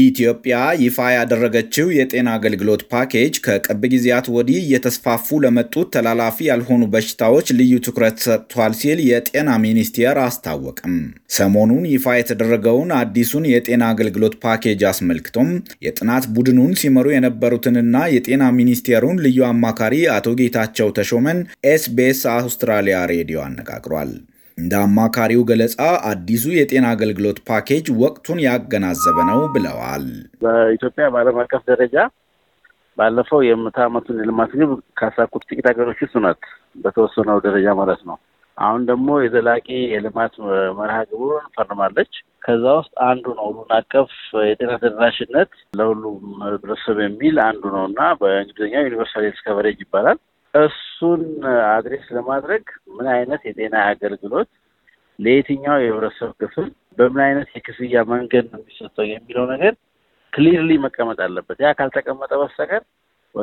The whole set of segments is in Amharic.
ኢትዮጵያ ይፋ ያደረገችው የጤና አገልግሎት ፓኬጅ ከቅርብ ጊዜያት ወዲህ እየተስፋፉ ለመጡት ተላላፊ ያልሆኑ በሽታዎች ልዩ ትኩረት ሰጥቷል ሲል የጤና ሚኒስቴር አስታወቅም። ሰሞኑን ይፋ የተደረገውን አዲሱን የጤና አገልግሎት ፓኬጅ አስመልክቶም የጥናት ቡድኑን ሲመሩ የነበሩትንና የጤና ሚኒስቴሩን ልዩ አማካሪ አቶ ጌታቸው ተሾመን ኤስቢኤስ አውስትራሊያ ሬዲዮ አነጋግሯል። እንደ አማካሪው ገለጻ አዲሱ የጤና አገልግሎት ፓኬጅ ወቅቱን ያገናዘበ ነው ብለዋል። በኢትዮጵያ በዓለም አቀፍ ደረጃ ባለፈው የምዕተ ዓመቱን የልማት ግብ ካሳኩት ጥቂት ሀገሮች ውስጥ ናት፣ በተወሰነው ደረጃ ማለት ነው። አሁን ደግሞ የዘላቂ የልማት መርሃ ግብሩን ፈርማለች። ከዛ ውስጥ አንዱ ነው ሁሉን አቀፍ የጤና ተደራሽነት ለሁሉም ህብረተሰብ የሚል አንዱ ነው እና በእንግሊዝኛ ዩኒቨርሳል ስከቨሬጅ ይባላል። እሱን አድሬስ ለማድረግ ምን አይነት የጤና አገልግሎት ለየትኛው የህብረተሰብ ክፍል በምን አይነት የክፍያ መንገድ ነው የሚሰጠው የሚለው ነገር ክሊርሊ መቀመጥ አለበት። ያ ካልተቀመጠ በስተቀር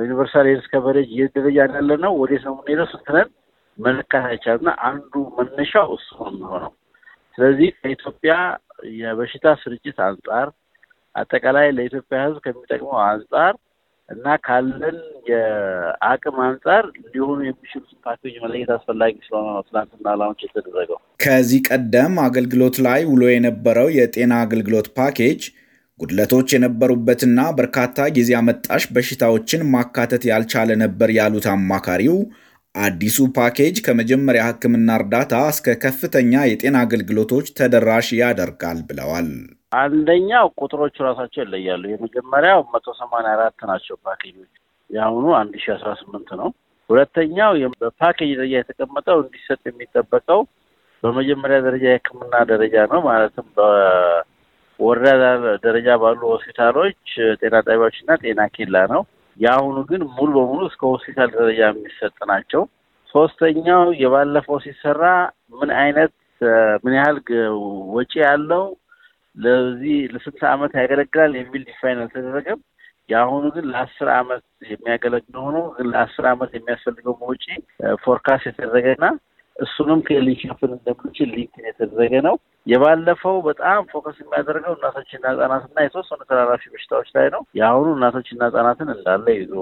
ዩኒቨርሳል ሄልስ ከቨሬጅ የት ደረጃ እንዳለ ነው፣ ወዴት ነው የምንሄደው ስትለን መለካት አይቻልና አንዱ መነሻው እሱ ነው የሚሆነው። ስለዚህ ከኢትዮጵያ የበሽታ ስርጭት አንጻር አጠቃላይ ለኢትዮጵያ ህዝብ ከሚጠቅመው አንጻር እና ካለን የአቅም አንጻር ሊሆኑ የሚችሉት ፓኬጅ መለየት አስፈላጊ ስለሆነ ነው ትናንትና ላውንች የተደረገው። ከዚህ ቀደም አገልግሎት ላይ ውሎ የነበረው የጤና አገልግሎት ፓኬጅ ጉድለቶች የነበሩበትና በርካታ ጊዜ አመጣሽ በሽታዎችን ማካተት ያልቻለ ነበር ያሉት አማካሪው፣ አዲሱ ፓኬጅ ከመጀመሪያ ሕክምና እርዳታ እስከ ከፍተኛ የጤና አገልግሎቶች ተደራሽ ያደርጋል ብለዋል። አንደኛው ቁጥሮቹ ራሳቸው ይለያሉ። የመጀመሪያው መቶ ሰማንያ አራት ናቸው ፓኬጆች የአሁኑ አንድ ሺ አስራ ስምንት ነው። ሁለተኛው በፓኬጅ ደረጃ የተቀመጠው እንዲሰጥ የሚጠበቀው በመጀመሪያ ደረጃ የሕክምና ደረጃ ነው። ማለትም በወረዳ ደረጃ ባሉ ሆስፒታሎች፣ ጤና ጣቢያዎች ና ጤና ኬላ ነው። የአሁኑ ግን ሙሉ በሙሉ እስከ ሆስፒታል ደረጃ የሚሰጥ ናቸው። ሶስተኛው የባለፈው ሲሰራ ምን አይነት ምን ያህል ወጪ ያለው ለዚህ ለስልሳ ዓመት ያገለግላል የሚል ዲፋይን አልተደረገም። የአሁኑ ግን ለአስር ዓመት የሚያገለግል ሆኖ ግን ለአስር ዓመት የሚያስፈልገው ወጪ ፎርካስት የተደረገና እሱንም ከሊሸፍን እንደምንችል ሊንክን የተደረገ ነው። የባለፈው በጣም ፎከስ የሚያደርገው እናቶችና ህጻናትና የተወሰኑ ተላላፊ በሽታዎች ላይ ነው። የአሁኑ እናቶችና ህጻናትን እንዳለ ይዞ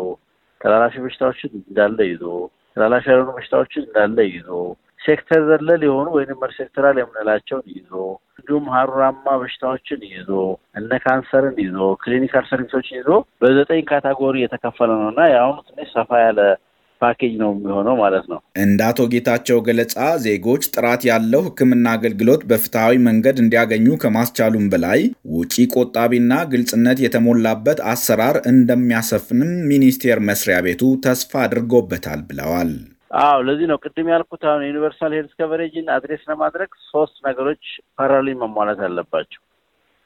ተላላፊ በሽታዎችን እንዳለ ይዞ ተላላፊ ያልሆኑ በሽታዎችን እንዳለ ይዞ ሴክተር ዘለል የሆኑ ወይም ሴክተራል የምንላቸውን ይዞ እንዲሁም ሀሩራማ በሽታዎችን ይዞ እነ ካንሰርን ይዞ ክሊኒካል ሰርቪሶችን ይዞ በዘጠኝ ካታጎሪ የተከፈለ ነው እና የአሁኑ ትንሽ ሰፋ ያለ ፓኬጅ ነው የሚሆነው ማለት ነው። እንደ አቶ ጌታቸው ገለጻ ዜጎች ጥራት ያለው ሕክምና አገልግሎት በፍትሐዊ መንገድ እንዲያገኙ ከማስቻሉም በላይ ውጪ ቆጣቢና ግልጽነት የተሞላበት አሰራር እንደሚያሰፍንም ሚኒስቴር መስሪያ ቤቱ ተስፋ አድርጎበታል ብለዋል። አዎ ለዚህ ነው ቅድም ያልኩት አሁን ዩኒቨርሳል ሄልስ ከቨሬጅን አድሬስ ለማድረግ ሶስት ነገሮች ፓራሊ መሟላት አለባቸው።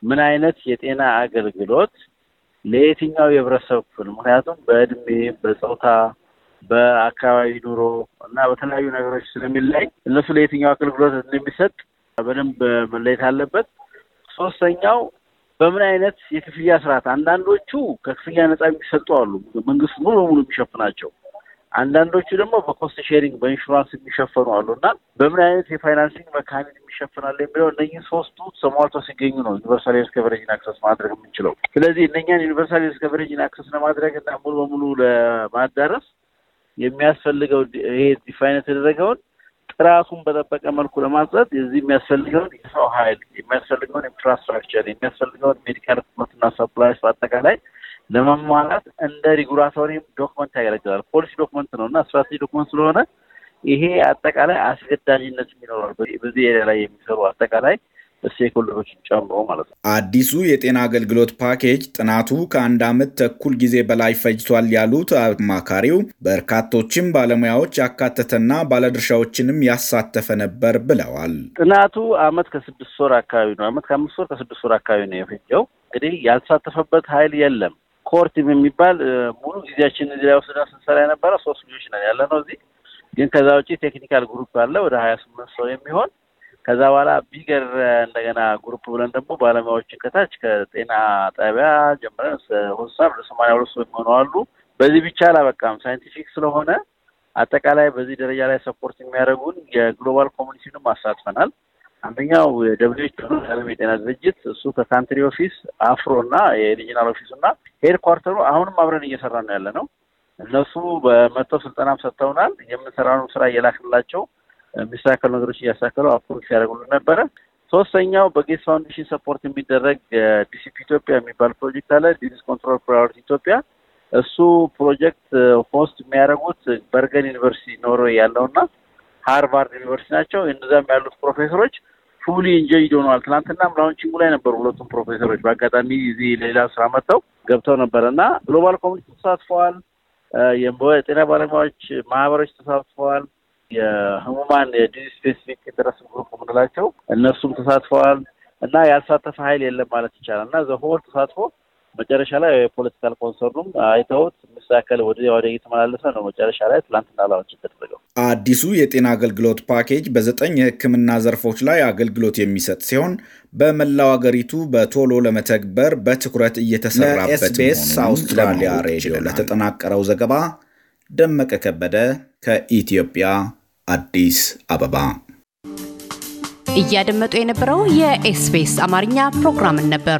ምን አይነት የጤና አገልግሎት ለየትኛው የህብረተሰብ ክፍል ምክንያቱም በእድሜ፣ በፆታ በአካባቢ ኑሮ እና በተለያዩ ነገሮች ስለሚለይ እነሱ ለየትኛው አገልግሎት እንደሚሰጥ በደንብ መለየት አለበት። ሶስተኛው በምን አይነት የክፍያ ስርዓት አንዳንዶቹ ከክፍያ ነጻ የሚሰጡ አሉ፣ መንግስት ሙሉ በሙሉ የሚሸፍናቸው አንዳንዶቹ ደግሞ በኮስት ሼሪንግ በኢንሹራንስ የሚሸፈኑ አሉ እና በምን አይነት የፋይናንሲንግ መካኒዝም ይሸፍናል የሚለው እነኝህ ሶስቱ ሰሟልቶ ሲገኙ ነው ዩኒቨርሳል ሄልስ ከቨሬጅን አክሰስ ማድረግ የምንችለው። ስለዚህ እነኛን ዩኒቨርሳል ሄልስ ከቨሬጅን አክሰስ ለማድረግ እና ሙሉ በሙሉ ለማዳረስ የሚያስፈልገው ይሄ ዲፋይን የተደረገውን ጥራቱን በጠበቀ መልኩ ለማጽዳት የዚህ የሚያስፈልገውን የሰው ኃይል የሚያስፈልገውን ኢንፍራስትራክቸር የሚያስፈልገውን ሜዲካል ሕክምናና ሰፕላይስ በአጠቃላይ ለመሟላት እንደ ሪጉላቶሪ ዶክመንት ያገለግላል። ፖሊሲ ዶክመንት ነው እና ስትራቴጂ ዶክመንት ስለሆነ ይሄ አጠቃላይ አስገዳጅነት የሚኖረው በዚህ ኤሪያ ላይ የሚሰሩ አጠቃላይ ስቴክሆልደሮችን ጨምሮ ማለት ነው። አዲሱ የጤና አገልግሎት ፓኬጅ ጥናቱ ከአንድ ዓመት ተኩል ጊዜ በላይ ፈጅቷል ያሉት አማካሪው በርካቶችም ባለሙያዎች ያካተተና ባለድርሻዎችንም ያሳተፈ ነበር ብለዋል። ጥናቱ ዓመት ከስድስት ወር አካባቢ ነው። ዓመት ከአምስት ወር ከስድስት ወር አካባቢ ነው የፈጀው። እንግዲህ ያልተሳተፈበት ኃይል የለም። ኮርቲም የሚባል ሙሉ ጊዜያችን እዚህ ላይ ወስደን ስንሰራ የነበረ ሶስት ልጆች ነን ያለ ነው እዚህ። ግን ከዛ ውጭ ቴክኒካል ግሩፕ አለ ወደ ሀያ ስምንት ሰው የሚሆን ከዛ በኋላ ቢገር እንደገና ግሩፕ ብለን ደግሞ ባለሙያዎችን ከታች ከጤና ጣቢያ ጀምረን ሆሳብ ለሰማንያ ሁለት ሰው የሚሆኑ አሉ። በዚህ ብቻ አላበቃም። ሳይንቲፊክ ስለሆነ አጠቃላይ በዚህ ደረጃ ላይ ሰፖርት የሚያደርጉን የግሎባል ኮሚኒቲንም አሳትፈናል። አንደኛው የደብሊዎች ዓለም የጤና ድርጅት እሱ ከካንትሪ ኦፊስ አፍሮ እና የሪጂናል ኦፊስ እና ሄድኳርተሩ ኳርተሩ አሁንም አብረን እየሰራ ነው ያለ ነው። እነሱ በመቶ ስልጠናም ሰጥተውናል። የምንሰራውን ስራ እየላክንላቸው የሚስተካከሉ ነገሮች እያስተካከለው አፕሮች ሲያደርጉልን ነበረ። ሶስተኛው በጌትስ ፋውንዴሽን ሰፖርት የሚደረግ ዲሲፒ ኢትዮጵያ የሚባል ፕሮጀክት አለ። ዲዚዝ ኮንትሮል ፕራዮሪቲ ኢትዮጵያ። እሱ ፕሮጀክት ሆስት የሚያደርጉት በርገን ዩኒቨርሲቲ ኖርዌይ ያለውና ሃርቫርድ ዩኒቨርሲቲ ናቸው። እነዛም ያሉት ፕሮፌሰሮች ፉሊ ኢንጆይ ሆነዋል። ትናንትና ላውንቺንጉ ላይ ነበሩ ሁለቱም ፕሮፌሰሮች። በአጋጣሚ እዚህ ሌላ ስራ መጥተው ገብተው ነበረ እና ግሎባል ኮሚኒቲ ተሳትፈዋል። የጤና ባለሙያዎች ማህበሮች ተሳትፈዋል። የህሙማን የዲዚዝ ስፔሲፊክ ኢንተረስት ግሩፕ የምንላቸው እነሱም ተሳትፈዋል እና ያልተሳተፈ ሀይል የለም ማለት ይቻላል እና ዘሆል ተሳትፎ መጨረሻ ላይ የፖለቲካል ኮንሰርኑም አይተውት ምሳከል ወደ ወደ እየተመላለሰ ነው። መጨረሻ ላይ ትላንትና ላውጭ ተደረገው። አዲሱ የጤና አገልግሎት ፓኬጅ በዘጠኝ የሕክምና ዘርፎች ላይ አገልግሎት የሚሰጥ ሲሆን በመላው አገሪቱ በቶሎ ለመተግበር በትኩረት እየተሰራበት አውስትራሊያ ሬዲዮ ለተጠናቀረው ዘገባ ደመቀ ከበደ ከኢትዮጵያ አዲስ አበባ። እያደመጡ የነበረው የኤስቤስ አማርኛ ፕሮግራምን ነበር።